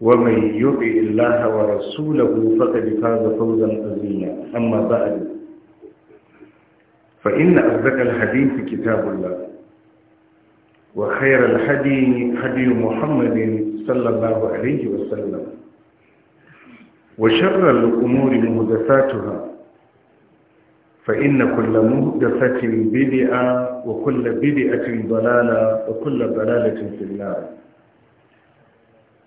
ومن يطع الله ورسوله فقد فاز فوزا عظيما اما بعد فان اصدق الحديث كتاب الله وخير الهدي هدي محمد صلى الله عليه وسلم وشر الامور محدثاتها فان كل محدثه بدعه وكل بدعه ضلاله وكل ضلاله في النار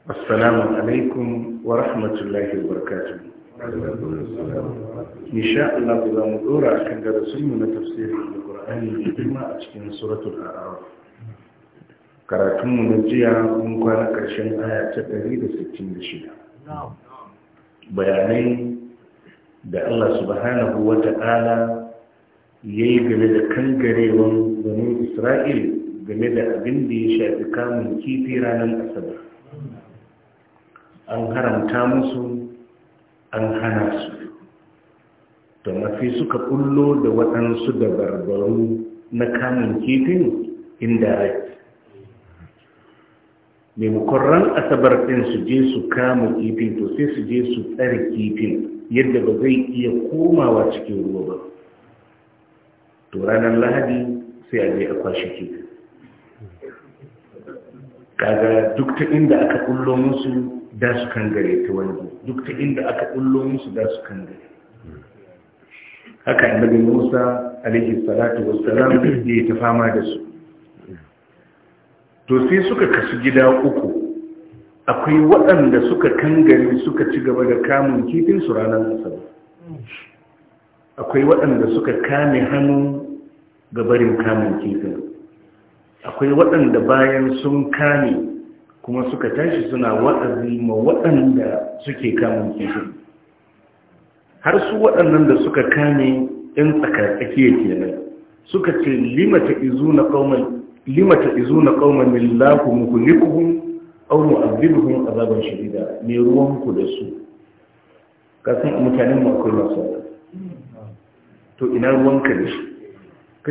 assalamu alaikum wa rahmatullahi wa barakatuh insha Allah za mu dora akan darasinmu na tafsirin alqur'ani da girma a cikin suratul a'raf karatunmu na jiya mun kwana karshen aya ta 166 bayanai da Allah subhanahu wa ta'ala ya yi game da kangarewan zanen isra'il game da abin da ya shafi kamun kifi ranar asabar an haramta musu an hana su da mafi suka kullo da waɗansu dabarbaru na kamun kifin indirect maimakon asabar ɗin su je su kama kifin to sai su je su tsare kifin yadda ba zai iya komawa cikin ruwa ba to ranar lahadi sai a je a kwashe kifin kaga duk ta inda aka kullo musu da su kan gare ta wani duk ta inda aka ɗullo musu da su kan gare haka annabi Musa alaihi salatu wa da ya ta fama da su to sai suka kasu gida uku akwai waɗanda suka kan gare suka ci gaba da kamun kifin su ranar asabar akwai waɗanda suka kame hannu gabarin kamun kifin akwai waɗanda bayan sun kame kuma suka tashi suna wa'azi ma waɗanda suke kamun kishin. har su waɗannan da suka kame ɗin tsakatsakiya kenan suka ce limata izuna qauman ƙaunar izuna qauman lillahu muhlikuhum aw a zaben shirida ne ruwan ku da su kasan mutanen mu akwai masu to ina ruwan ka da shi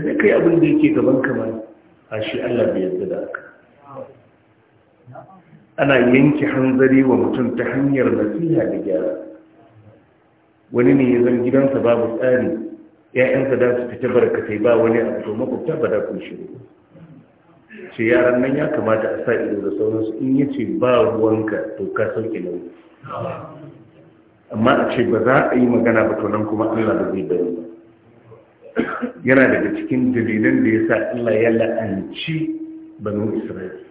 zai kai abin da yake gaban kamar a shi Allah bai yadda da aka. ana yanke hanzari wa mutum ta hanyar nasiha da gyara wani ne ya zama gidansa babu tsari ‘ya'yansa da su fita barkatai ba wani a to makwabta ba da kun shiru ce yaran nan ya kamata a sa ido da sauransu in ya ce ba ruwanka to ka sauke nauyi amma a ce ba za a yi magana ba to nan kuma allah ba zai bari yana daga cikin dalilan da ya sa allah ya la'anci banu isra'ila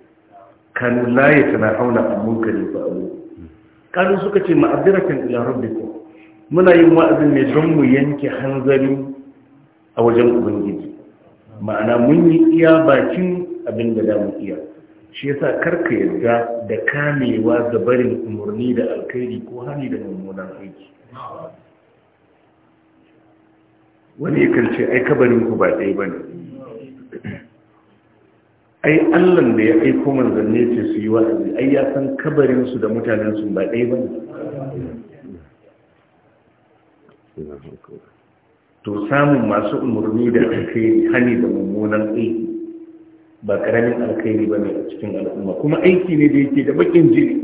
kanu la yatanahawna an munkari fa abu kanu suka ce ma'aziratan ila rabbikum muna yin wa'azin ne don mu yanke hanzari a wajen ubangiji ma'ana mun yi iya bakin abin da damu iya shi yasa karka yarda da kamewa ga barin umarni da alkhairi ko hali da mummunan aiki wani yakan ce ai kabarin ku ba ɗaya ne. ai allan da ya aiko manzanni ce su yi wa'azi ai ya san kabarin su da mutanen su ba ɗaya ba ne to samun masu umarni da alkhairi hani da mummunan aiki ba karamin alkhairi ba ne a cikin al'umma kuma aiki ne da yake da bakin jini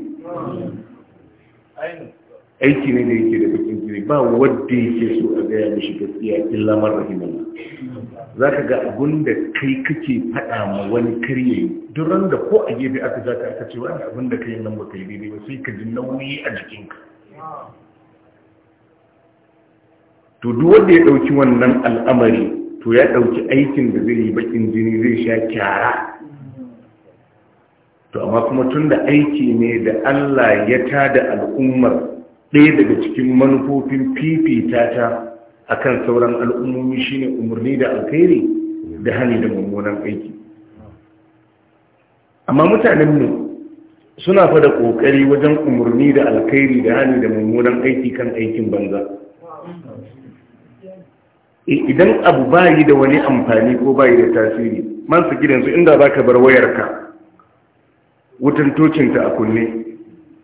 aiki ne da yake da bakin zai ba wadda yake so a gaya mishi gaskiya illa man za ka ga abun da kai kake faɗa ma wani karye duk randa ko a gefe aka za ka aka ce wani abun da kai nan ba kai daidai ba sai ka ji nauyi a jikinka to duk wanda ya ɗauki wannan al'amari to ya ɗauki aikin da zai yi bakin jini zai sha kyara to amma kuma tun da aiki ne da Allah ya tada al'ummar ɗaya daga cikin manufofin fifita ta kan sauran al'ummomi shine umarni da alkhairi da hannu da mummunan aiki amma mutanenmu suna fada ƙoƙari wajen umarni da alkhairi da hannu da mummunan aiki kan aikin banza e, idan abu bayi da wani amfani ko bayi da tasiri man su gidansu inda za ka bar wayarka wutan tocinta a kunne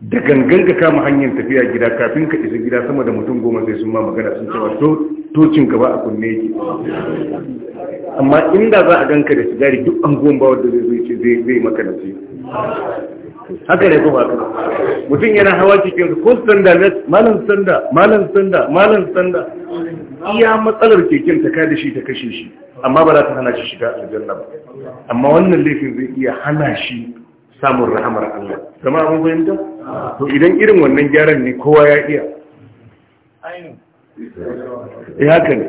da gangan ka kama hanyar tafiya gida kafin ka isa gida sama da mutum goma sai sun ma magana sun cewa tocin gaba a kunne yake amma inda za a ganka da sigari duk an goma wadda zai zai zai zai maka haka ne ba ka mutum yana hawa cikin ko sanda malam sanda malam sanda malam sanda iya matsalar keken ta kada shi ta kashe shi amma ba za ta hana shi shiga aljanna ba amma wannan laifin zai iya hana shi samun rahamar Allah zama abin fahimta to idan irin wannan gyaran ne kowa ya iya ya eh, haka ne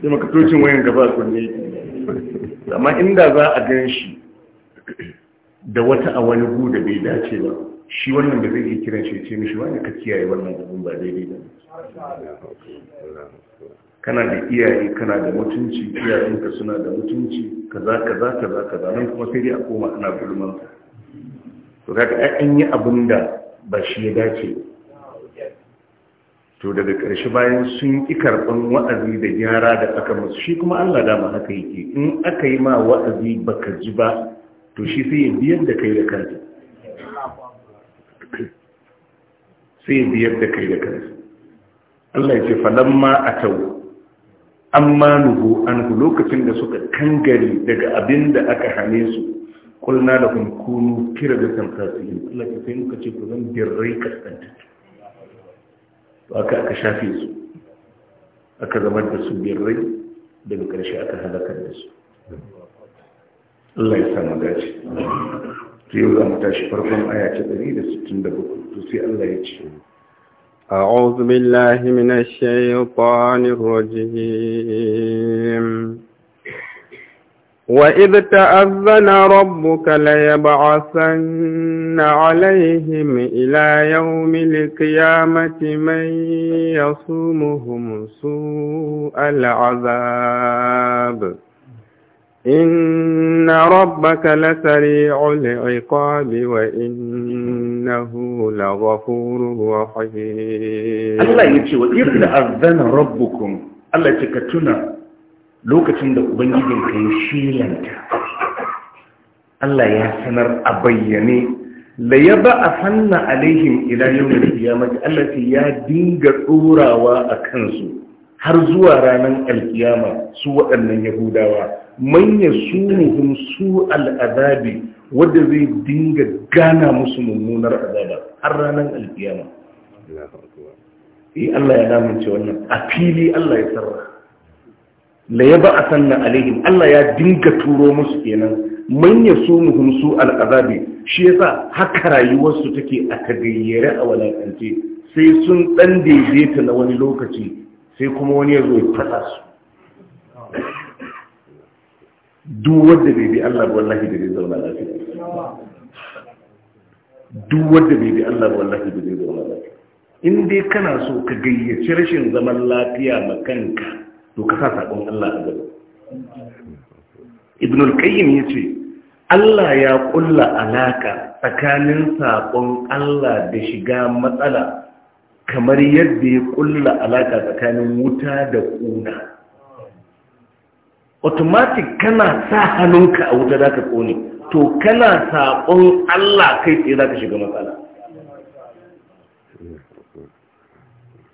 sai makatocin wayan gaba kunne amma inda za a gan shi da wata a wani gu da bai dace ba shi wannan da zai iya kiran shi ce mishi wani ka kiyaye wannan abin ba daidai ba kana da iyaye kana da mutunci iyayenka suna da mutunci kaza kaza kaza kaza nan kuma sai dai a koma ana gulman to kaga an yi abin da ba shi ya dace to daga ƙarshe bayan sun ƙi karɓar wa'azi da gyara da aka musu shi kuma Allah dama haka yake in aka yi ma wa'azi baka ji ba to shi sai ya biyar da kai da kansa sai ya biyar da kai da kansa Allah ya ce falamma atau amma nuhu an lokacin da suka kangare daga abin da aka hane su kulna da kun kunu kira da san kasihin Allah ya sai muka ce ku zan birrai kaskanta to aka aka shafe su aka zama da su birrai daga karshe aka halakar da su Allah ya samu dace to yau za mu tashi farkon aya ta 167 to sai Allah ya ce أعوذ بالله من الشيطان الرجيم وإذ تأذن ربك ليبعثن عليهم إلى يوم القيامة من يصومهم سوء العذاب إن ربك لسريع العقاب وإنه لغفور رحيم الله يتي وإذ تأذن ربكم الله يتكتنا lokacin da ubangijin ka ya shilanta Allah ya sanar a bayyane Layaba ya ba a fanna alaihim ila ya qiyamati Allah ya dinga tsorawa a kansu har zuwa ranar alkiyama su waɗannan yahudawa manya sunuhum su al'adabi wadda zai dinga gana musu mummunar azaba har ranar alkiyama eh, Allah ya damince wannan a fili Allah ya sarra la yaba asanna alaihim Allah ya dinga turo musu kenan man yasumuhum su al'azabi shi yasa haka rayuwar su take a tagayyare a walakance sai sun dan daidaita na wani lokaci sai kuma wani ya zo ya fasa su duk wanda bai bi Allah ba wallahi da zai zauna lafiya duk wanda bai bi Allah ba wallahi da zai zauna lafiya in dai kana so ka gayyaci rashin zaman lafiya ma kanka to ka sa sakon Allah a gaba ibn al-qayyim yace Allah ya kulla alaka tsakanin sakon Allah da shiga matsala kamar yadda ya kulla alaka tsakanin wuta da ƙuna. automatic kana sa hannunka a wuta zaka kone to kana sakon Allah kai tsaye zaka shiga matsala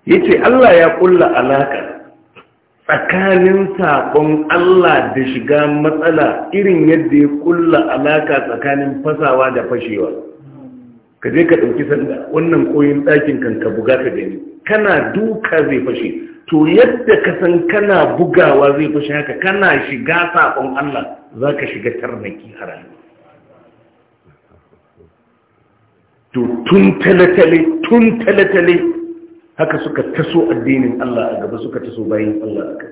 yace Allah ya kulla alaka tsakanin saƙon Allah da shiga matsala irin yadda ya kulla alaka tsakanin fasawa da fashewa ka je ka ɗauki sanda wannan koyin ɗakin kan ka buga ka gani kana duka zai fashe to yadda ka san kana bugawa zai fashe haka kana shiga saƙon Allah za ka shiga tarnaki harami. to tun talatale tun talatale haka suka taso addinin Allah a gaba suka taso bayan Allah a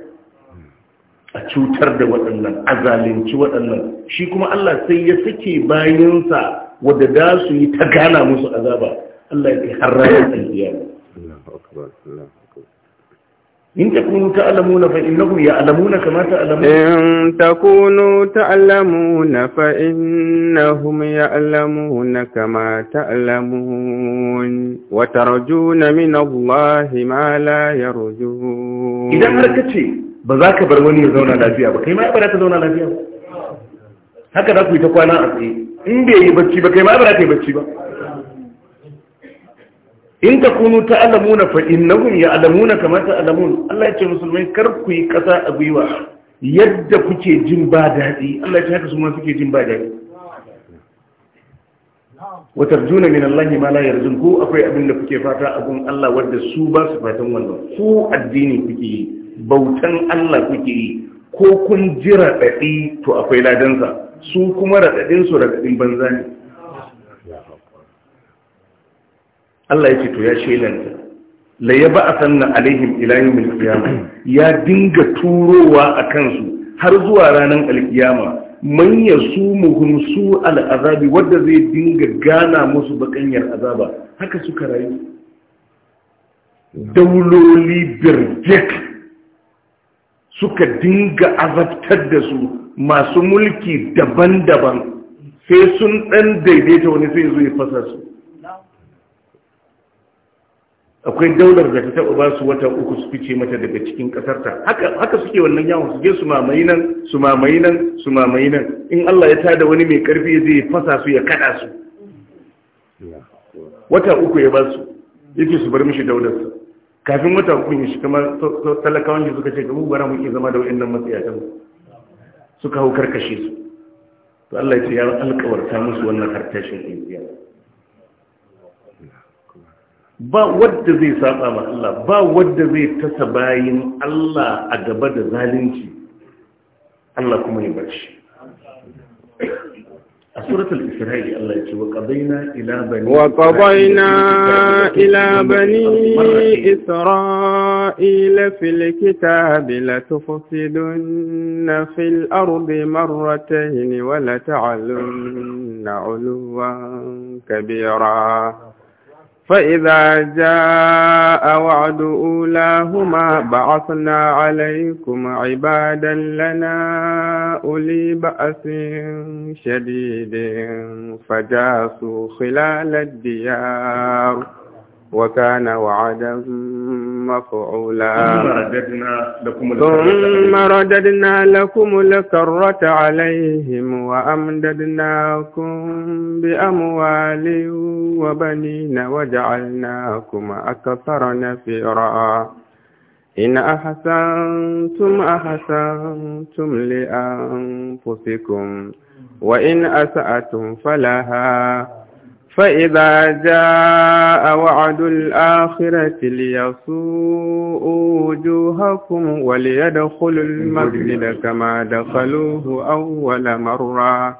a cutar da waɗannan a zalunci waɗannan shi kuma Allah sai ya sake bayansa wadda da su yi ta gana musu azaba Allah ya kai har ranar alƙiyama in takunu ta'lamuna fa innahum ya'lamuna kama ta'lamuna in takunu ta'lamuna fa innahum ya'lamuna kama ta'lamun wa tarjuna min Allahi ma la yarjun idan har kace ba za ka bar wani ya zauna lafiya ba kai ma ba za ka zauna lafiya haka za ku yi ta kwana a tsaye in bai yi bacci ba kai ma ba za ka yi bacci ba in ta kunu ta alamuna fa innahum ya alamuna kamar ta alamun Allah ya ce musulmai kar ku yi kasa a gwiwa yadda kuke jin ba daɗi Allah ya ce haka su ma suke jin ba daɗi wa tarjuna min Allah ma la yarjun ku akwai abin da kuke fata a gun Allah wanda su ba su fatan wannan ku addini kuke yi bautan Allah kuke yi ko kun jira daɗi to akwai ladansa su kuma raɗaɗin su raɗaɗin banza ne Allah yake to ya shelanta la yab'athanna alaihim ila yawmil qiyama ya dinga turowa a kansu har zuwa ranar alkiyama su muhum su al'azabi wadda zai dinga gana musu bakanyar azaba haka suka rayu dauloli birjek suka dinga azabtar da su masu mulki daban-daban sai sun ɗan daidaita wani sai zo ya fasa su akwai daular da ta taɓa ba su wata uku su fice mata daga cikin ƙasarta haka suke wannan yawon su je su mamayi nan su mamayi nan su mamayi nan in Allah ya tada wani mai ƙarfi zai fasa su ya kaɗa su wata uku ya ba su yake su bar mishi su. kafin wata uku ya shi kamar talakawan shi suka ce ga mubara mu iya zama da wa'annan matsayatan suka hau karkashe su to Allah ya ce ya alƙawarta musu wannan harkashin ɗin ba wadda zai saba ma Allah ba wadda zai tasa bayin Allah a gaba da zalunci Allah kuma ya bashi a suratul isra'i Allah ya ce wa qadaina ila bani wa qadaina ila bani isra'ila fil kitabi la tufsiduna fil ardi marratayn wa la ta'alunna 'uluwan kabira فإذا جاء وعد أولاهما بعثنا عليكم عبادا لنا أولي بأس شديد فجاسوا خلال الديار وكان وعدا مفعولا ثم رددنا لكم الكرة عليهم وأمددناكم بأموال وبنين وجعلناكم أكثر نفيرا إن أحسنتم أحسنتم لأنفسكم وإن أسأتم فلها فإذا جاء وعد الآخرة ليسوءوا وجوهكم وليدخلوا المسجد كما دخلوه أول مرة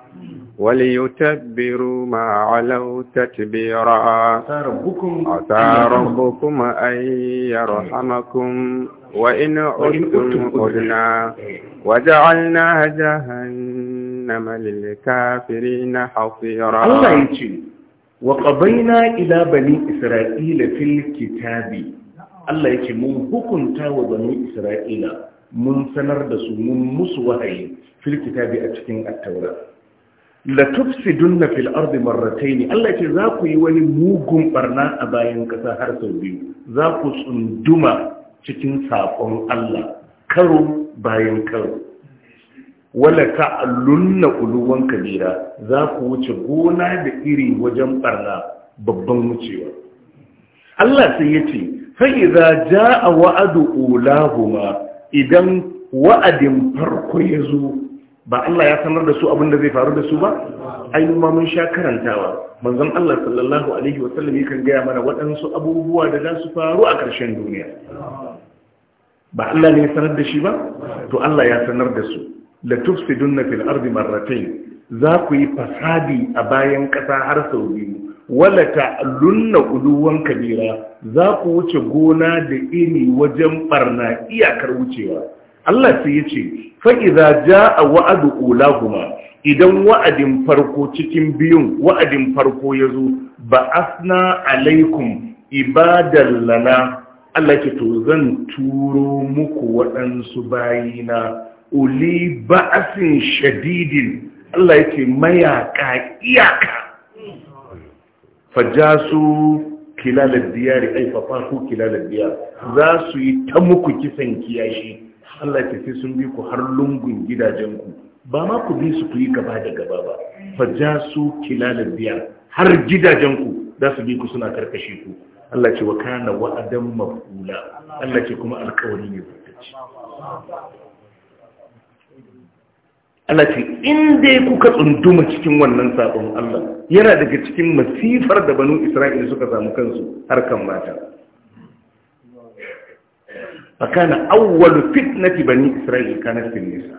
وليتبروا ما علوا تتبيرا عسى ربكم أن يرحمكم وإن عدتم عدنا وجعلنا جهنم للكافرين حصيرا wa qabaina ila bani isra'ila filkitabi. kitabi Allah yake mun hukunta wa bani isra'ila mun sanar da su mun musu wahayi filkitabi a cikin at-taura la tufsidunna fil ardi marratayn Allah yake za ku yi wani mugun ɓarna a bayan ƙasa har sau biyu za ku tsunduma cikin sakon Allah karo bayan karo wala ta'allunna uluwan kabira za ku wuce gona da iri wajen barna babban wucewa Allah sai ya ce fa'iza ja a wa'adu ulahuma idan wa'adin farko ya zo ba Allah ya sanar da su abin da zai faru da su ba ainihin ma mun sha karantawa manzon Allah sallallahu alaihi wasallam yakan gaya mana waɗansu abubuwa da za su faru a ƙarshen duniya ba Allah ne ya sanar da shi ba to Allah ya sanar da su la tufsidunna fil ardi marratayn za ku yi fasadi a bayan ƙasa har sau biyu wala ta'lunna uluwan kabira za ku wuce gona da ini wajen barna iyakar wucewa Allah sai ya ce fa'iza ja a wa'adu ulaguma idan wa'adin farko cikin biyun wa'adin farko ya zo ba asna alaikum ibadan lana Allah ke to zan turo muku waɗansu bayina uli ba'asin shadidin Allah yake mayaka iyaka fajasu kilalar diyari ai ko kilalar diyar za su yi ta muku kisan kiyashi Allah ya sai sun bi ku har lungun ku. ba ma ku bi su ku yi gaba da gaba ba fajasu kilalar diyar har gidajen ku za su bi ku suna karkashe ku Allah ce wa kana wa'adan mafula Allah ce kuma alkawari ne zartacce Allah ce in dai kuka tsunduma cikin wannan sabon Allah yana daga cikin masifar da banu Isra'ila suka samu kansu harkan mata fakana awwalu fitnati bani Isra'ila kana fil nisa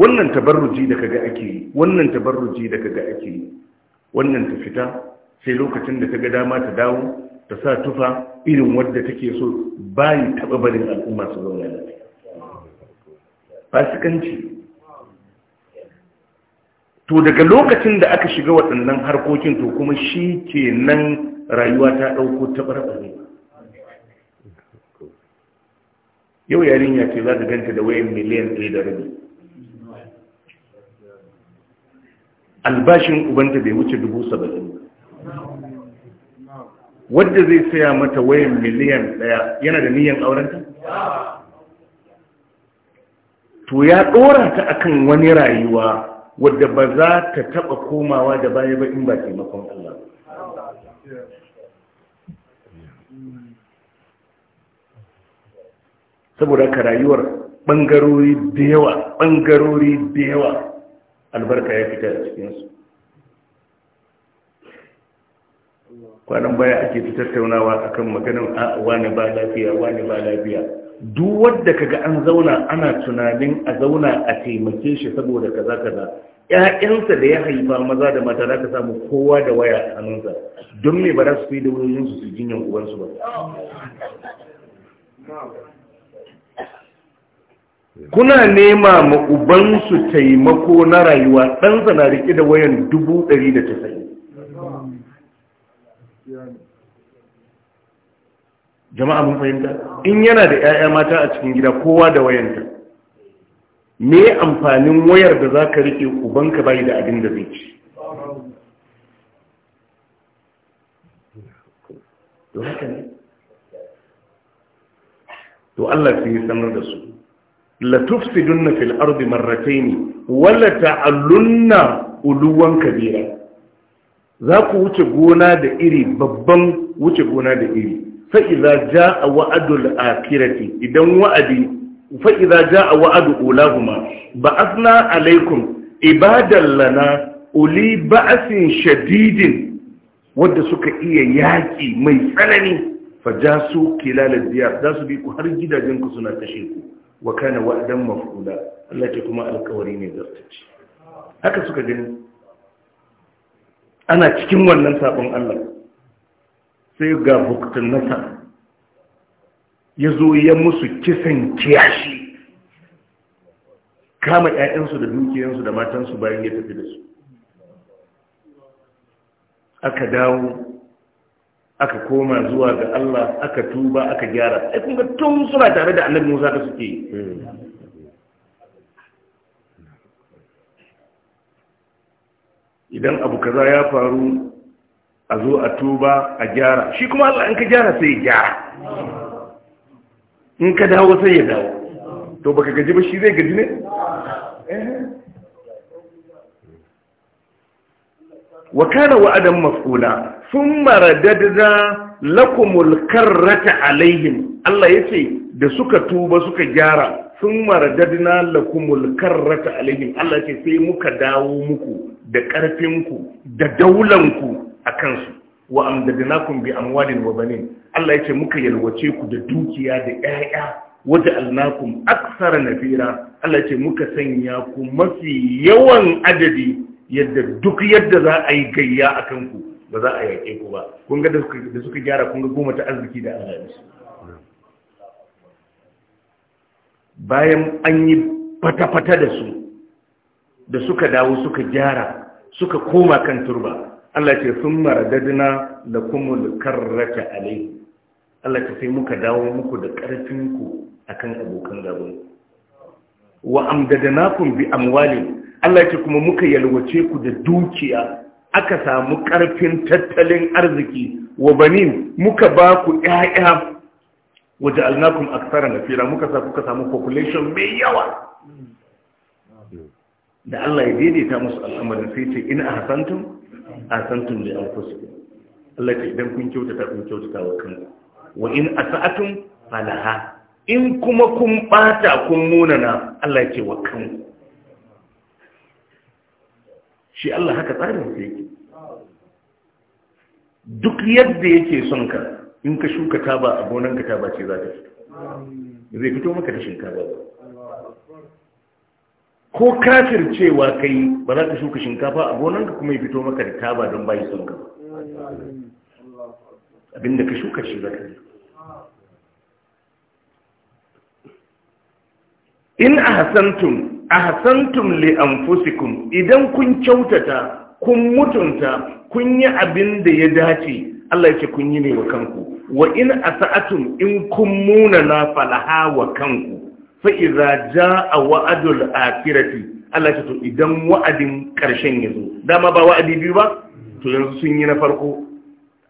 wannan tabarruji da kaga ake yi wannan tabarruji da kaga ake yi wannan ta fita sai lokacin da ta ga dama ta dawo ta sa tufa irin wadda take so bayi taba barin al'umma su zauna lafiya fasikanci to daga lokacin da aka shiga waɗannan harkokin to kuma shi ke nan rayuwa ta ɗauko taɓarɓare yau yarin ya ce za ta ganta da wayan miliyan ɗaya da rabi albashin ubanta bai wuce dubu saba'in wadda zai saya mata wayan miliyan ɗaya yana da niyan aurenta to ya ɗora ta akan wani rayuwa wadda ba za ta taba komawa da baya ba in ba taimakon Allah saboda ka rayuwar bangarori da yawa bangarori da yawa albarka ya fita cikinsu kwanan baya ake ta tattaunawa akan maganin a wani ba lafiya wani ba lafiya duk wadda kaga an zauna ana tunanin a zauna a taimake shi saboda kaza kaza ƴaƴansa da ya haifa maza da mata za ka samu kowa da waya a hannunsa don me ba za su fi da wurin su su jinyan uwansu ba kuna nema ma ubansu taimako na rayuwa ɗansa na riƙe da wayan dubu ɗari da tasa'in jama'a mun fahimta in yana da 'ya'ya mata a cikin gida kowa da wayanta me amfanin wayar da za ka riƙe ubanka bayi da abin da zai ci to ne to Allah sai ya sanar da su la tufsidunna fil ardi marratayn wala ta'allunna uluwan kabira za ku wuce gona da iri babban wuce gona da iri fa'iza ja a wa'adul idan wa'adi fa'iza ja a wa'adu ulahuma ba asna alaikum ibadan lana uli ba'asin shadidin wadda suka iya yaƙi mai tsanani fa ja su kilalar diyar za su bi ku har gidajenku suna kashe ku wa kana wa'adan mafula Allah ke kuma alkawari ne zartace haka suka gani ana cikin wannan sabon Allah sai ga buktun nasa ya zo ya musu kisan kiyashi kama 'ya'yansu da dukiyansu da matansu bayan ya tafi da su aka dawo aka koma zuwa ga Allah aka tuba aka gyara ai kun tun suna tare da annabi Musa da suke idan abu kaza ya faru a zo a tuba a gyara shi kuma Allah in ka gyara sai ya gyara in ka dawo sai ya dawo to baka gaji ba shi zai gaji ne eh. wa kana wa'adan maf'ula thumma radadna lakumul karrata alaihim Allah yace da suka tuba suka gyara sun maradadna lakumul karrata alaihim Allah ce sai muka dawo muku da karfin ku da daulanku a kansu wa amdadnakum bi amwalin wa banin Allah yace muka yalwace ku da dukiya da ƴaƴa wata alnakum aksara nafira Allah yace muka sanya ku mafi yawan adadi yadda duk yadda za a yi gayya a kanku ba za a yaƙe ku ba kun ga da suka gyara kun ga goma ta arziki da Allah ya bayan an yi fata-fata da su da suka dawo suka gyara suka koma kan turba Allah ce sun maradadina da kuma karrata alai Allah ce sai muka dawo muku da ƙarfinku akan abokan gaban wa kun bi amwali Allah ce kuma muka yalwace ku da dukiya aka samu ƙarfin tattalin arziki wa banin muka ba ku ƴaƴa waje alnakun aksara na fira muka sa kuka samu population mai yawa da Allah ya daidaita musu al'amarin sai ce ina a hasantun a santun da an Allah ce idan kun kyautata kun kyautata wa kanku wa in asa'atum falaha in kuma kun bata kun munana Allah ce wa kanku shi Allah haka tsarin sa yake duk yadda yake son ka in ka shuka taba a gonanka taba ce za ta fito zai fito maka da shinkafa ba ko kafir cewa kai ba za ka shuka shinkafa a ka kuma ya fito maka da taba don bayi sun ka abinda ka shuka shi zaka yi in ahsantum ahsantum li anfusikum idan kun kyautata kun mutunta kun yi abin da ya dace Allah yake kun yi ne wa kanku wa in asa'atum in kun muna na falaha wa kanku fa idza jaa wa'dul akhirati Allah ya to idan wa'adin karshen yazo dama ba wa'adi biyu ba to yanzu sun yi na farko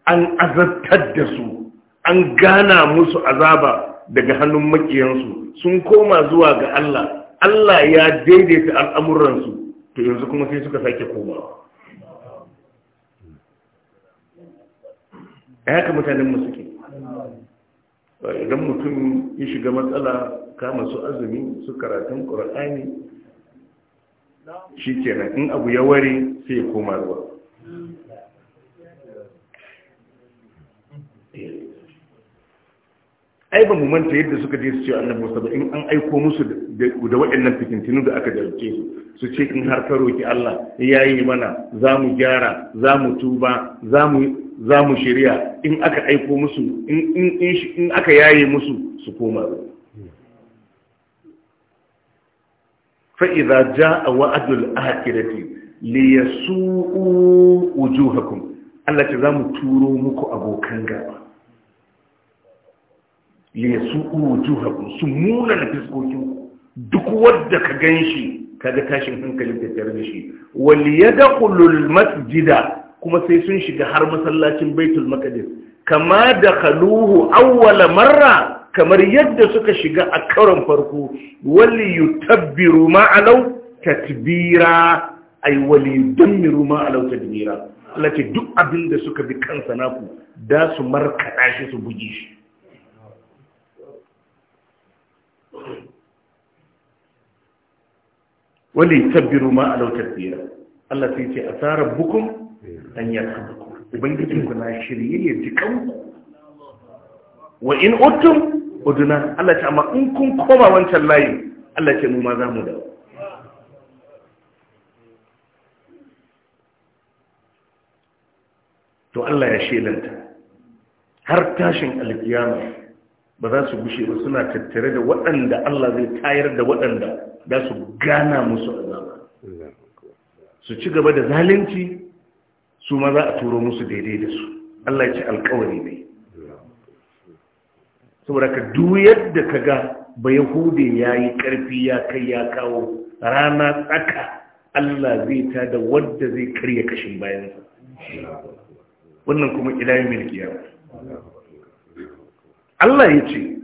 an azabtar da su an gana musu azaba daga hannun makiyansu sun koma zuwa ga Allah Allah ya daidaita al'amuransu to yanzu kuma sai suka sake komawa a ka mutanen mu suke idan mutum ya shiga matsala kama su azumi su karatun ƙorani shi kenan in abu ya ware sai ya koma ruwa ai ba mu manta yadda suka je su ce annabi musa ba in an aiko musu da waɗannan fitintinu da aka jarce su su ce in har ka roki Allah ya yi mana za mu gyara za mu tuba za mu shirya in aka aiko musu in aka yaye musu su koma ruwa فإذا جاء وعد الآخرة ليسوءوا وجوهكم التي زام تورو مكو أبو كنغابا ليسوءوا وجوهكم سمونا لفسكوكم duk wadda ka gan shi kaga tashin hankalin tattare da shi Wani ya dakulul masjida kuma sai sun shiga har masallacin baitul maqdis kama da kaluhu awwala marra kamar yadda suka shiga a karon farko wali yutabbiru ma'alau tatbira ay wali dammiru ma'alau tatbira Allah ce duk abin da suka bi kansa naku da su markaɗa shi su bugi shi wali tabbiru ma'alau tatbira Allah sai ce a tsara bukun an yarhamukum ubangijinku na shirye ya ji kanku wa in utum uduna Allah ce amma in kun koma wancan layi, Allah ce mu ma za mu dawo to Allah ya shelanta har tashin alkiyama ba za su gushe ba suna tattare da waɗanda Allah zai tayar da waɗanda za su gana musu azaba su ci gaba da zalunci su ma za a turo musu daidai da su Allah ya ce alkawari ne saboda ka duk yadda ka ga ba yahude ya yi ƙarfi ya kai ya kawo rana tsaka Allah zai ta da wadda zai karya kashin bayansa wannan kuma ilayen milkiya Allah ya ce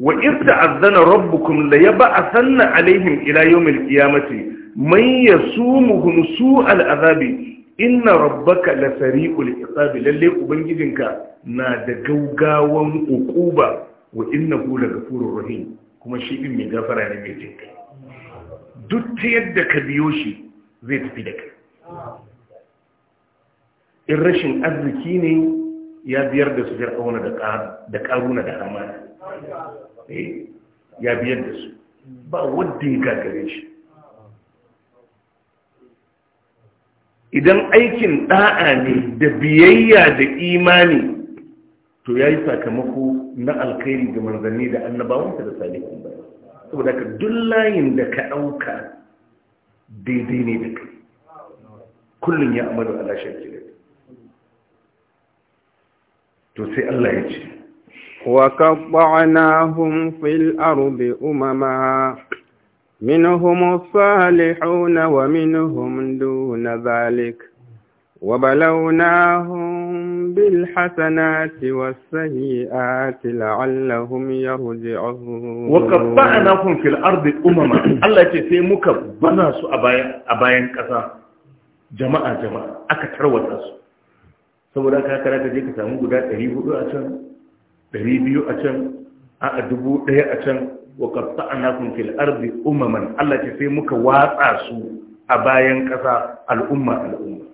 wa irta azana rabbukum la yab'athanna alaihim ila yawmil qiyamati man yasumuhum su'al azabi inna rabbaka la sari'ul iqabi lalle ubangijinka na da gaugawan ukuba wa la gafurur rahim kuma shi din mai gafara ne mai jinka duk ta yadda ka biyo shi zai tafi da kai in rashin arziki ne ya biyar da su fir'auna da karuna da hamana eh, ya biyar da su ba wadda ya gagare shi idan aikin da'a ne da biyayya da imani to ya yi sakamako na alkhairi ga manzanni da annabawansa da salihun ba saboda ka duk layin da ka ɗauka daidai ne da kai kullum ya amaru lashe kira to sai Allah ya ce وقطعناهم في الأرض أمما منهم الصالحون ومنهم دون ذلك وبلوناهم بالحسنات والسيئات لعلهم يرجعون وقطعناهم في الأرض أمما الله يتسي مكبنا سو أباين كسا جماعة جماعة أكتر وتاسو saboda ka kara ka je ka samu guda 400 a can 200 a can a dubu ɗaya a can wa qatta'nakum fil ardi umaman Allah ce sai muka watsa su a bayan ƙasa al'umma al'umma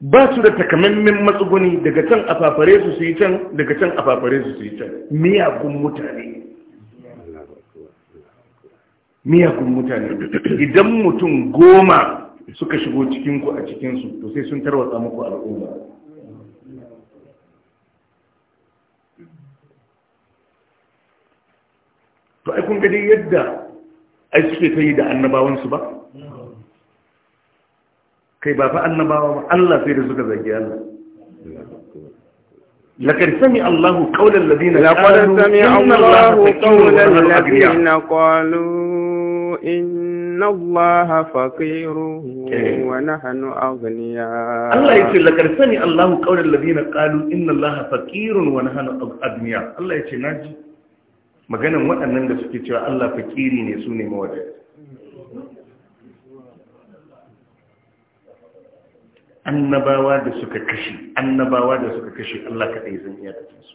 ba su da takamaimin matsuguni daga can a fafare su su yi can daga can a fafare su su yi can miyagun mutane miyagun mutane idan mutum goma suka shigo cikinku a cikinsu to sai sun tarwatsa muku al'umma to ai kun gadi yadda ai suke ta yi da annabawansu ba kai ba fa annabawa Allah sai da suka zagi Allah lakin sami Allahu qaulal ladina laqad sami Allahu qaulal ladina qalu inna Allaha faqirun wa nahnu aghniya Allah yace lakin sami Allahu qaulal ladina qalu inna Allaha faqirun wa nahnu aghniya Allah yace naji maganan waɗannan da suke cewa Allah fakiri ne su ne mawadaci annabawa da suka kashe annabawa da suka kashe Allah kadai zan iya kace su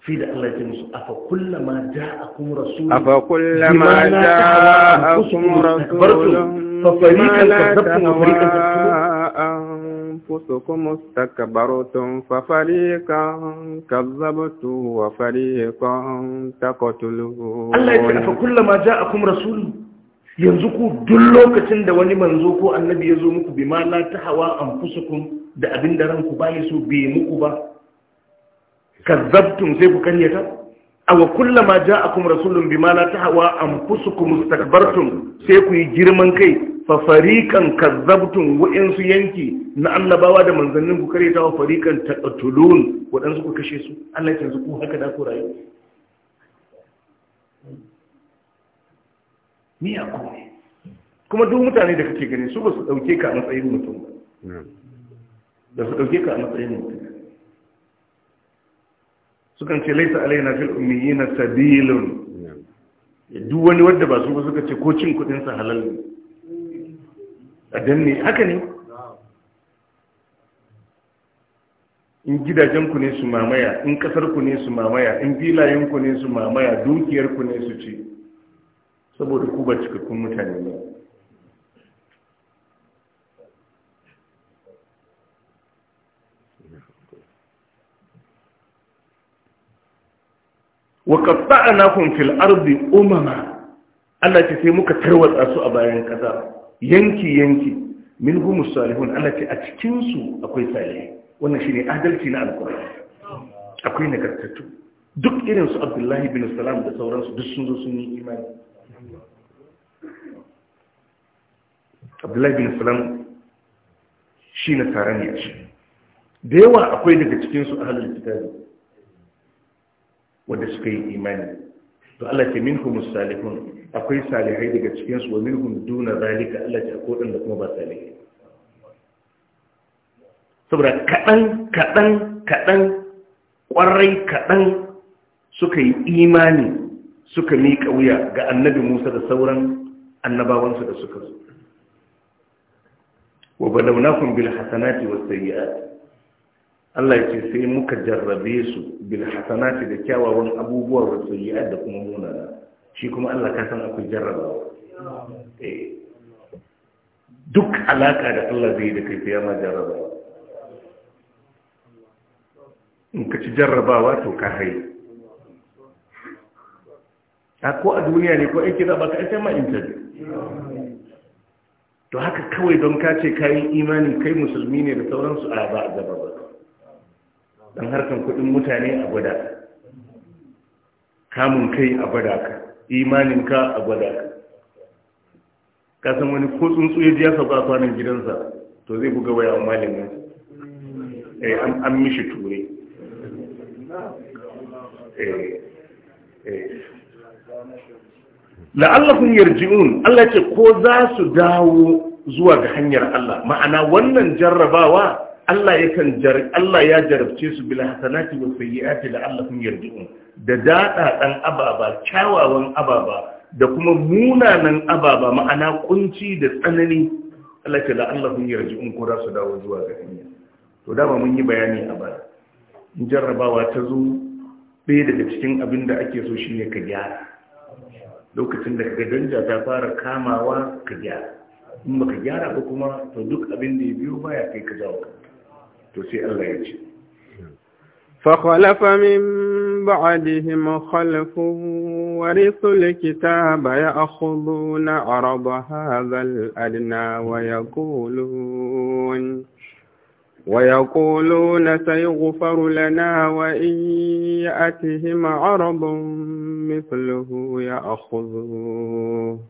fi da Allah ya musu afa kullama ja'akum rasul afa kullama ja'akum rasul fa fariqan kadzabtum wa fariqan أنفسكم استكبرتم ففريقا كذبتم وفريقا تقتلون الله يقول فكلما جاءكم رسول yanzu ku duk lokacin da wani manzo ko annabi ya zo muku bi ma ta hawa an fusukun da abin da ranku ya so bi muku ba kazzabtum sai ku kanyata aw kullama ja'akum rasulun ta hawa an fusukun mustakbartum sai ku yi girman kai fa fariqan kazzabtum wa in su yanki na annabawa da manzannin ku ta wa fariqan taqtulun wadansu ku kashe su Allah ya ku haka da ku rayu a ne kuma duk mutane da kake gani su ba su ɗauke ka a matsayin mutum ba da su ɗauke ka a matsayin mutum sukan ce laisa alaina fil ummiyina sabilun duk wani wadda ba su ba suka ce ko cin kudin sa halal ne a danne haka ne in gidajen ku ne su mamaya in kasar ku ne su mamaya in filayen ku ne su mamaya dukiyar ku ne su ce saboda ku ba cikakkun mutane ne wa qatta'nahum fil ardi umama Allah ce sai muka tarwatsa su a bayan kaza yanki yanki min minhum salihun Allah ce a cikinsu su akwai salihai wannan shine adalci na alqur'ani akwai nagartattu duk irin Abdullahi bin Salam da sauransu duk sun zo sun yi imani abdullahi bin salam shi na tare ne shi da yawa akwai daga cikinsu a halin kitabi wanda suka yi imani to Allah ke minhum salihun akwai salihai daga cikinsu wa hun duna zalika Allah ke akwai da kuma ba salihai saboda kaɗan kaɗan kaɗan ƙwarai kaɗan suka yi imani suka miƙa wuya ga annabi musa da sauran annabawansu da suka zo wa balawnakum bil hasanati was sayyi'ati Allah ya ce sai muka jarrabe su bil hasanati da kyawawan abubuwa wa sayyi'at da kuma munana shi kuma Allah ka san akwai jarrabawa eh. duk alaka da Allah zai da kai sai ya ma jarrabawa in ka ci jarrabawa to ka haye a ko a duniya ne ko in a baka an ma intabi to haka kawai don ka ce kayan imani kai musulmi ne da sauransu a ba a gaba ba don harkar kudin mutane a gwada kamun kai a gwada ka imanin ka a gwada ka kasan wani ko tsuntsu ya ji ya saba kwanan gidansa to zai buga waya wa malamin eh an mishi ture eh eh kun yarji'un Allah ce ko za su dawo zuwa ga hanyar Allah ma'ana wannan jarrabawa Allah kan jar Allah ya jarabce su bil hasanati wa sayyiati la'allakum yarji'un da dada dan ababa kyawawan ababa da kuma munanan ababa ma'ana kunci da tsanani Allah ce la'allakum yarji'un ko za su dawo zuwa ga hanyar to dama mun yi bayani a baya jarrabawa ta zo ɗaya daga cikin abin da ake so shine ka gyara lokacin da kaga danja ta fara kamawa ka gyara in ka gyara ba kuma to duk abin da ya biyo baya kai ka jawo to sai Allah ya ce فخلف من بعدهم خلف ورثوا الكتاب يأخذون عرض هذا الأدنى ويقولون ويقولون سيغفر لنا وإن يأتهم عرض مثله يأخذوه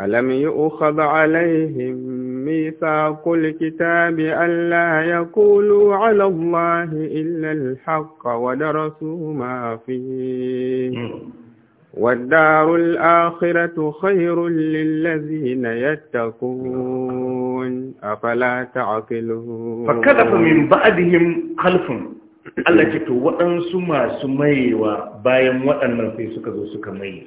ألم يؤخذ عليهم ميثاق الكتاب ألا يقولوا على الله إلا الحق ودرسوا ما فيه والدار الآخرة خير للذين يتقون أفلا تعقلون فكذب من بعدهم خلف Allah ce to waɗansu masu mayewa bayan waɗannan sai suka zo suka maye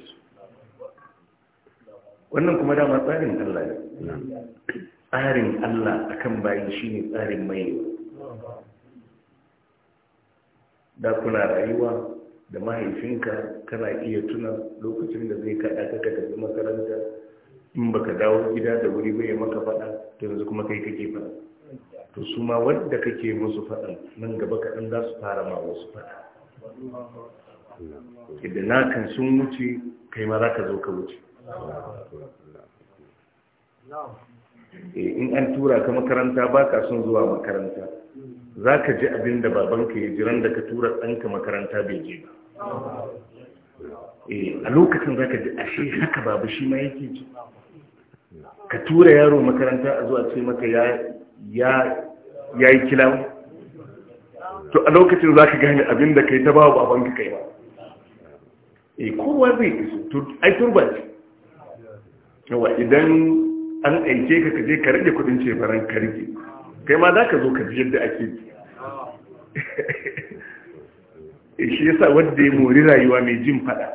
wannan kuma dama tsarin Allah ne tsarin Allah akan bayi shine tsarin maiwa da kuna rayuwa da mahaifinka kana iya tuna lokacin da zai kaɗa ka ka tafi makaranta in baka dawo gida da wuri bai maka faɗa to yanzu kuma kai kake faɗa to su ma wanda kake musu fada nan gaba kaɗan za su fara ma wasu faɗa idan na kan sun wuce kai ma za ka zo ka wuce eh, in an tura ka makaranta ba ka son zuwa makaranta za ka ji abin da babanka ya jiran da ka tura ɗanka makaranta bai je ba eh, a lokacin za ka ji ashe haka babu shi ma yake ji ka tura yaro makaranta a zuwa ce maka ya yi kilawa. to a lokacin za ka gane abin da ka yi ta ba babanka kai ba e kowa zai ai turba ce Wa idan an aike ka ka je ka rage kudin ce baran ka rage kai ma za ka zo ka ji yadda ake ji eh, shi yasa wadda ya mori rayuwa mai jin fada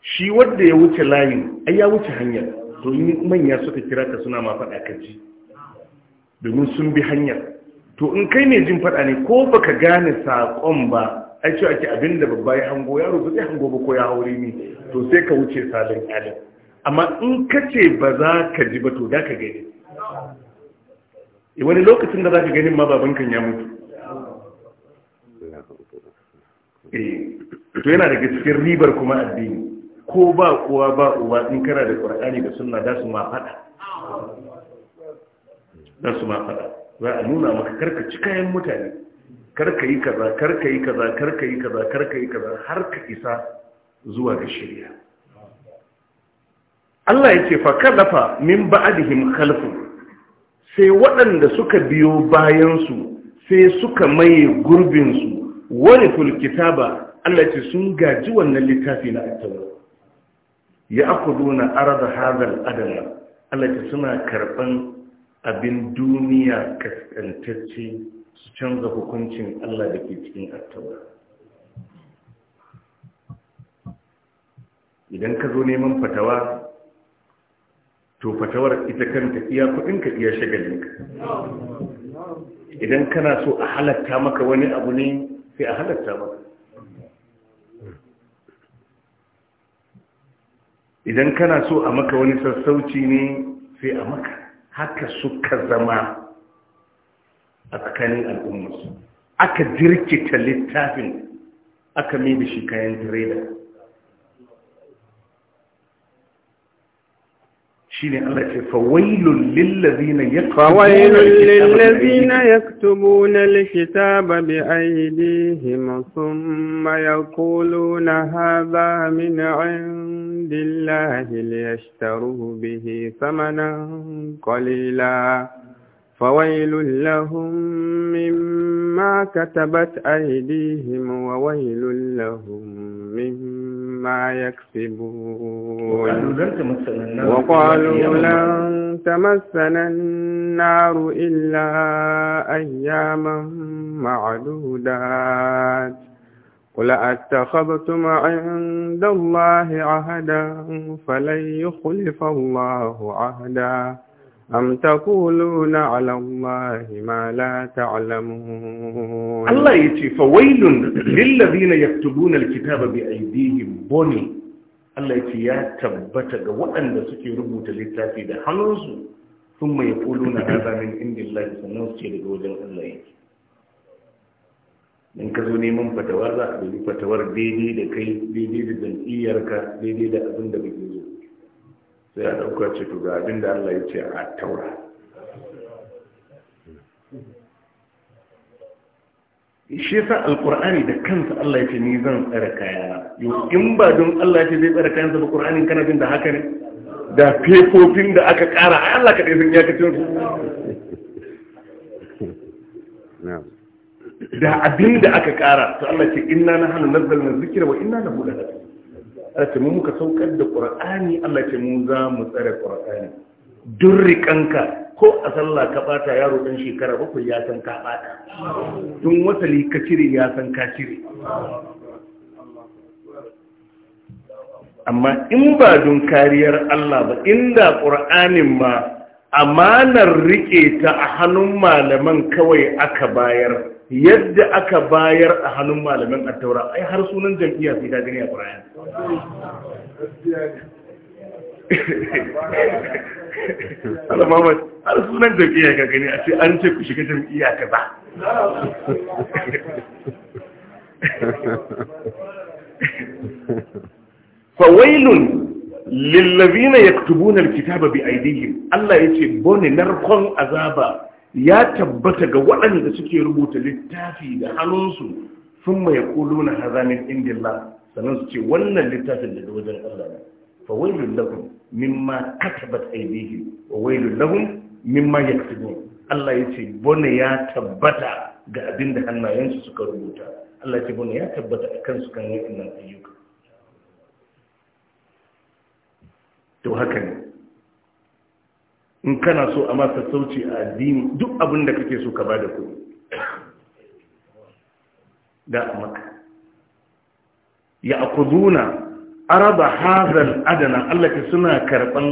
shi wadda ya wuce layin ai ya wuce hanyar to manya suka kira ka suna ma fada ka ji domin sun bi hanyar to in kai mai jin fada ne ko baka gane saƙon ba ai ce ake abinda babba ya hango yaro ba zai hango ba ko ya haure ne to sai ka wuce salin alin amma in ka ce ba za ka ji ba to da ka gani wani lokacin da za ka ganin ma babankan ya mutu eh, to yana daga cikin ribar kuma addini ko ba kowa ba uba in kana da ƙwarƙani da suna da su ma faɗa da su ma fada za a nuna maka karka ci kayan mutane karka yi kaza karka yi kaza karka yi kaza karka yi kaza har ka isa zuwa ga shirya Allah ya ce fa kadafa min ba'adihim khalfun sai waɗanda suka biyo bayansu sai suka maye gurbinsu wani fulkita ba Allah ce sun gaji wannan littafi na attaura ya akudu duna arada hazar adana Allah ce suna karɓan abin duniya kaskantacce su canza hukuncin Allah da ke cikin attaura idan ka zo neman fatawa to fatawar ita kanta iya kudinka iya shagalinka idan kana so a halatta maka wani abu ne sai a halatta maka idan kana so a maka wani sassauci ne sai a maka haka suka zama a tsakanin al'ummarsu aka jirkita littafin aka mai da shi kayan tireda شيني الله شيني فويل للذين يكتبون فويل للذين يكتبون الكتاب بأيديهم ثم يقولون هذا من عند الله ليشتروه به ثمنا قليلا فويل لهم مما كتبت أيديهم وويل لهم مما ما يكسبون وقالوا لن تمسنا النار إلا أياما معدودات قل أتخذتم عند الله عهدا فلن يخلف الله عهدا أم تقولون على الله ما لا تعلمون الله يتي فويل للذين يكتبون الكتاب بأيديهم بني الله يتي يا تبتا وأن سكي ربوت للتافي ده حنوزو ثم يقولون هذا من عند الله سنوسي لقوجا الله يتي in ka zo neman fatawar za a dubi fatawar daidai da kai daidai da jam'iyyarka daidai da abin da kake sai a ɗauka ce to ga abin da Allah ya ce a taura shi yasa alqur'ani da kansa Allah ya ce ni zan tsara kayana yau in ba don Allah ya ce zai tsara kayansa ba qur'anin kana jin da haka ne da fefofin da aka ƙara ai Allah kadai sun yakacin su da abin da aka ƙara to Allah ce inna nahnu nazzalna dhikra wa inna lahu lahafizun ake mu muka saukar da qur'ani Allah ce mu za mu tsare qur'ani duk rikanka ko a sallah ka bata yaro dan shekara bakwai ya san ka bata tun wasali ka cire ya san ka cire amma in ba don kariyar Allah ba inda ƙur'anin ma amanar rike ta a hannun malaman kawai aka bayar yadda aka bayar a hannun malamin attaura ai har sunan jam'iyya sai ta gani a ƙura'an alamamar har sunan jam'iyya ka gani a ce an ce ku shiga jam'iyya ka ba fawailun lillazina yaktubuna alkitaba bi aydihim Allah yace bone narkon azaba ya tabbata ga waɗanda suke rubuta littafi da hannunsu sun mai kulu na hazamin indillah sannan su ce wannan littafin daga wajen Allah ne fa wailul lahum mimma katabat aydihim wa wailul lahum mimma yaktubun Allah yace bone ya tabbata ga abinda hannayensu suka rubuta Allah yace bone ya tabbata a kansu kan yi wannan ayyuka to haka ne in kana so a masa sauci a addini duk abin da kake so ka ba da kuɗi da a maka ya akuzuna araba hazal adana Allah ke suna karɓan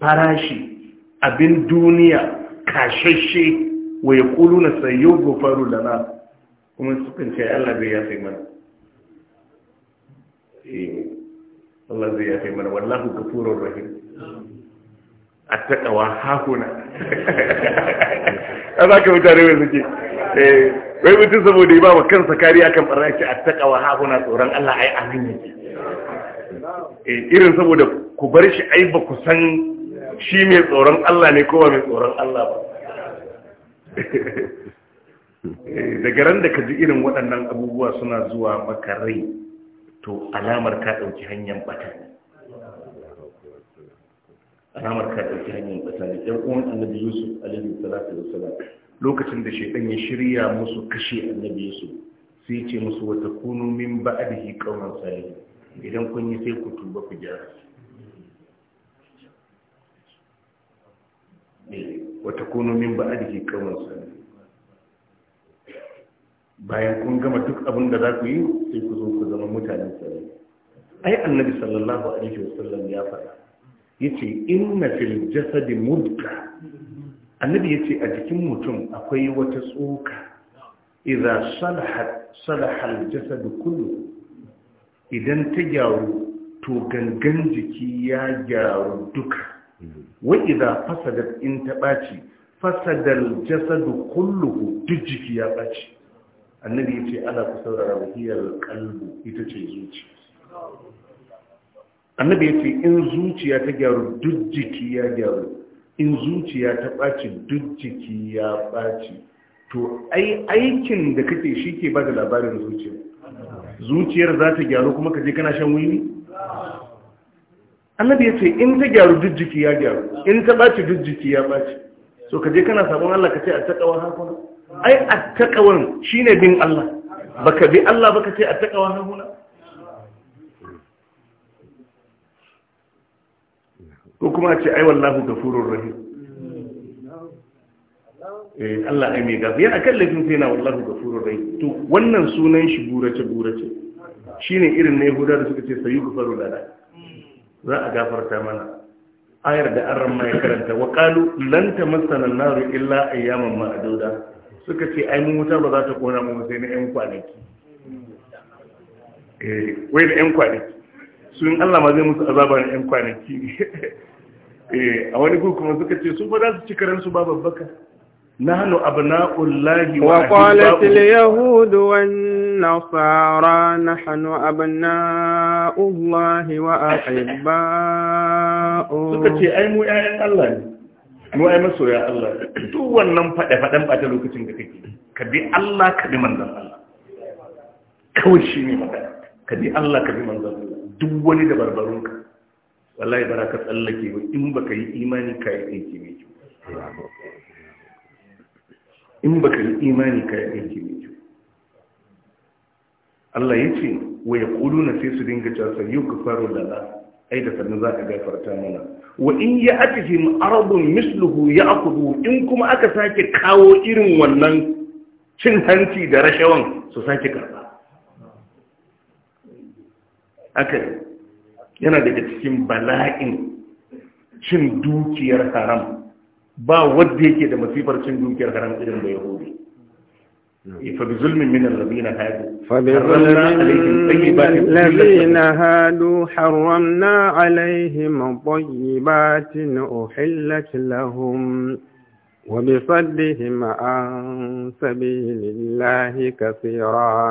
farashi abin duniya kashashe wa ya ƙulu na sayo gofaru na kuma sukan ce eh, Allah zai ya yafe mana Allah zai ya fi mana wallahu gafurur rahim a hakuna a za ka mutane mai suke eh, wai mutum saboda ba wa kansa kariya kan barna ce a hakuna tsoron Allah ai anan yake eh, irin saboda ku bar shi ai ba ku san shi mai tsoron Allah ne kowa mai tsoron Allah ba eh, daga ran da ka ji irin waɗannan abubuwa suna zuwa maka rai to alamar ka ɗauki hanyar batani alamar ka ɗauki hanyar tsakani ɗan uwan annabi yusuf alaihi salatu wassalam lokacin da shaitan ya shirya musu kashe annabi yusuf sai ce musu wata kunu min ba'dihi qauman salihin idan kun yi sai ku tuba ku gyara wata kunu min ba'dihi qauman salihin bayan kun gama duk abin da za ku yi sai ku zo ku zama mutanen salihin ai annabi sallallahu alaihi wasallam ya faɗa yace inna fil jasadi mudka annabi yace a jikin mutum akwai wata tsoka idza salahat salaha al jasad kullu idan ta gyaru to gangan jiki ya gyaru duka wa idza fasadat in ta baci fasadal jasadu kulluhu duk jiki ya baci annabi yace ana ku saurara wahiyar kalbu ita ce zuciya annabi ya ce in zuciya ta gyaru duk jiki ya gyaru in zuciya ta ɓaci duk jiki ya ɓaci to ai aikin da kake shi ke ba da labarin zuciya zuciyar za ta gyaru kuma ka je kana shan wuni annabi ya ce in ta gyaru duk jiki ya gyaru in ta ɓaci duk jiki ya ɓaci so ka je kana sabon Allah ka ce a taƙawa hakuna ai a taƙawan shine bin Allah baka bi Allah baka ce a taƙawa hakuna ko kuma ce ai wallahu gafurur rahim eh Allah ai mai gafi yana kan laifin sai na wallahu gafurur rahim to wannan sunan shi burace burace shine irin na yahuda da suka ce sayu gafaru lana za a gafarta mana ayar da an ramma ya karanta wa qalu lan tamassana an-naru illa ayyaman ma'duda suka ce ai mun wuta ba za ta kona mu sai na yan kwanaki eh wai da yan kwanaki sun Allah ma zai musu azaba na yan kwanaki Eh, a wani gu kuma suka ce su ba za su ci karansu ba babbaka نحن أبناء الله وقالت اليهود والنصارى نحن أبناء na وأحباؤه سكتي أي suka ce ai mu ai maso ya Allah tu wannan faɗe-faɗen ɓata lokacin da kake ka bi Allah ka bi manzan Allah kawai shi ne magana ka bi Allah ka bi manzan Allah duk wani da barbarunka wallahi ba ka tsallake ba in baka yi imani ka yi aiki mai kyau in baka yi imani ka yi aiki mai kyau Allah ya ce wa ya na sai su dinga casar yau ka faru za, ai da sannan za a gafarta mana wa in ya atihim arabin misluhu ya akudu in kuma aka sake kawo irin wannan cin hanci da rashawan su sake karba haka yana daga cikin bala'in cin dukiyar haram ba wadda yake da masifar cin dukiyar haram irin da yahudi ifa bi zulmin min من الذين هادوا فبظلم الذين هادوا حرمنا عليهم طيبات أحلت لهم وبصدهم عن سبيل الله كثيرا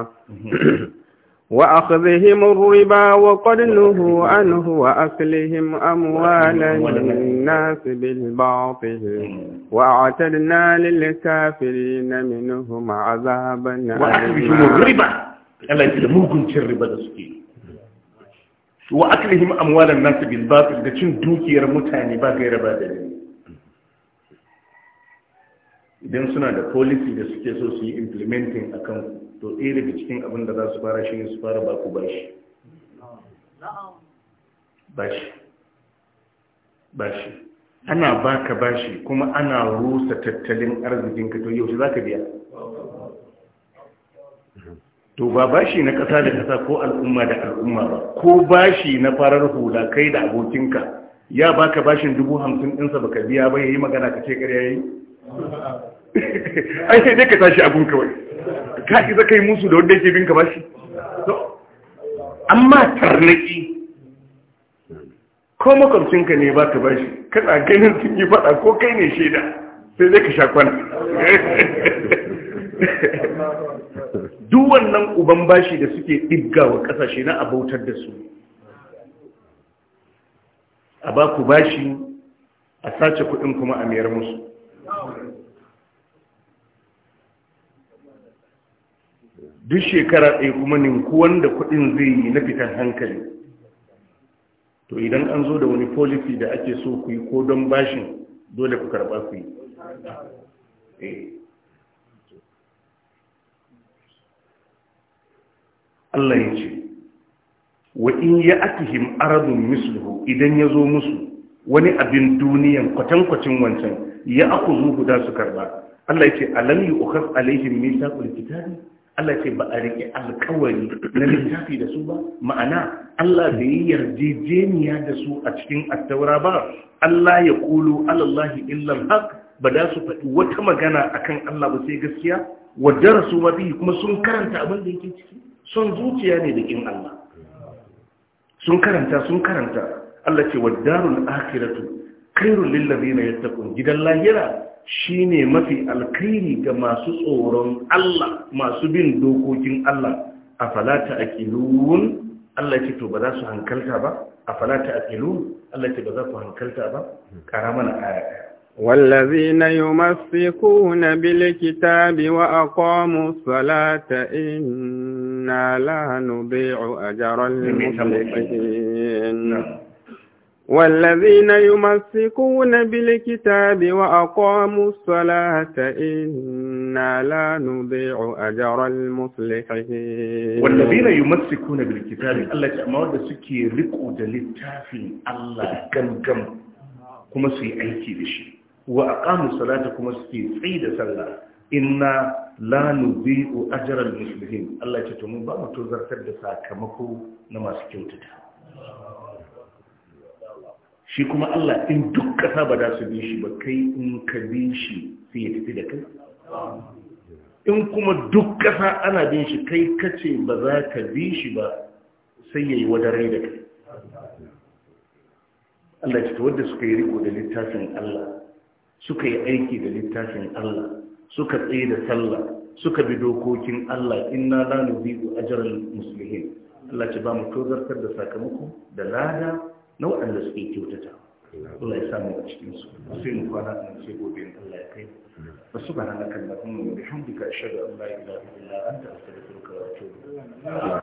وأخذهم الربا وقد نهوا عنه وأكلهم أموال الناس بالباطل وأعتدنا للكافرين منهم عذابا وأخذهم الربا ألا يتلموكم الربا دسكي وأكلهم أموال الناس بالباطل ده شن دوكي رمتاني باقي ربا دليل إذن سنة da policy da suke implementing a to ɗaya daga cikin abin da za su fara shi su fara baku bashi bashi bashi ana baka bashi kuma ana rusa tattalin arzikinka to yau za ka biya to ba bashi na ƙasa da ƙasa ko al'umma da al'umma ba ko bashi na farar hula kai da abokinka ya baka bashin dubu hamsin ɗinsa baka biya ba ya yi magana ka ce ƙarya yi ai sai dai ka tashi abun kawai ka isa kai musu da wanda yake bin ka bashi amma tarnaki ko makwabcinka ne ba ka bashi kana ganin sun yi fada ko kai ne shaida sai zai ka sha kwana duk wannan uban bashi da suke wa ƙasashe na abautar da su a ba ku bashi a sace kuɗin kuma a mayar musu duk shekara ɗaya kuma ninkuwan da kuɗin zai yi na fitan hankali to idan an zo da wani policy da ake so ku yi ko don bashin dole ku karɓa ku yi eh. Allah ya ce wa in ya atihim aradun misluhu idan ya zo musu wani abin duniyan kwatankwacin wancan ya aku zuhu da su karba Allah ya ce alam yi ukhas alaihim mithaqul kitabi Allah ce ba a riƙe alkawari na littafi da su ba ma'ana Allah da yi yarjejeniya da su a cikin attaura ba Allah ya kulu alallahi illal haq ba da su faɗi wata magana akan Allah ba sai gaskiya wa ba ma kuma sun karanta abin da yake ciki Son zuciya ne da kin Allah sun karanta sun karanta Allah ce wa darul akhiratu khairul lil ladina yattaqun gidan lahira shi ne mafi alkhairi ga masu tsoron Allah masu bin dokokin Allah a falata a ƙilun Allah ce to ba za su hankalta ba a falata a ƙilun Allah ce ba za su hankalta ba ƙara mana bile kita والذين wa بالكتاب وأقاموا الصلاة ina لا نضيع a المصلحين والذين يمسكون بالكتاب وأقاموا الصلاة إنا لا نضيع أجر المصلحين والذين يمسكون بالكتاب الله تعالى سكي رقو دلتافي الله جم جم كما سي أيكي لشي وأقاموا الصلاة كما سكي سيد صلى إنا لا نضيع أجر المصلحين الله تعالى مبارك تزرتد ساكمكو نما سكيوتتا shi kuma Allah in duk kasa ba za su bi shi ba kai in ka bi shi sai tafi da kai in kuma duk kasa ana bin shi kai kace ba za ka bi shi ba sai ya yi wadarai da kai Allah ce ta wadda suka yi riko da littafin Allah suka yi aiki da littafin Allah suka tsaye da sallah suka bi dokokin Allah inna la nuzi'u ajral muslimin Allah ce ba mu tozartar da sakamako da lada na waɗanda suke kyautata Allah ya samu a cikin su sai kwana nan sai gobe in Allah ya kai ba su ba na kan da kuma bihamdika ashhadu an la ilaha illa an astaghfiruka wa atubu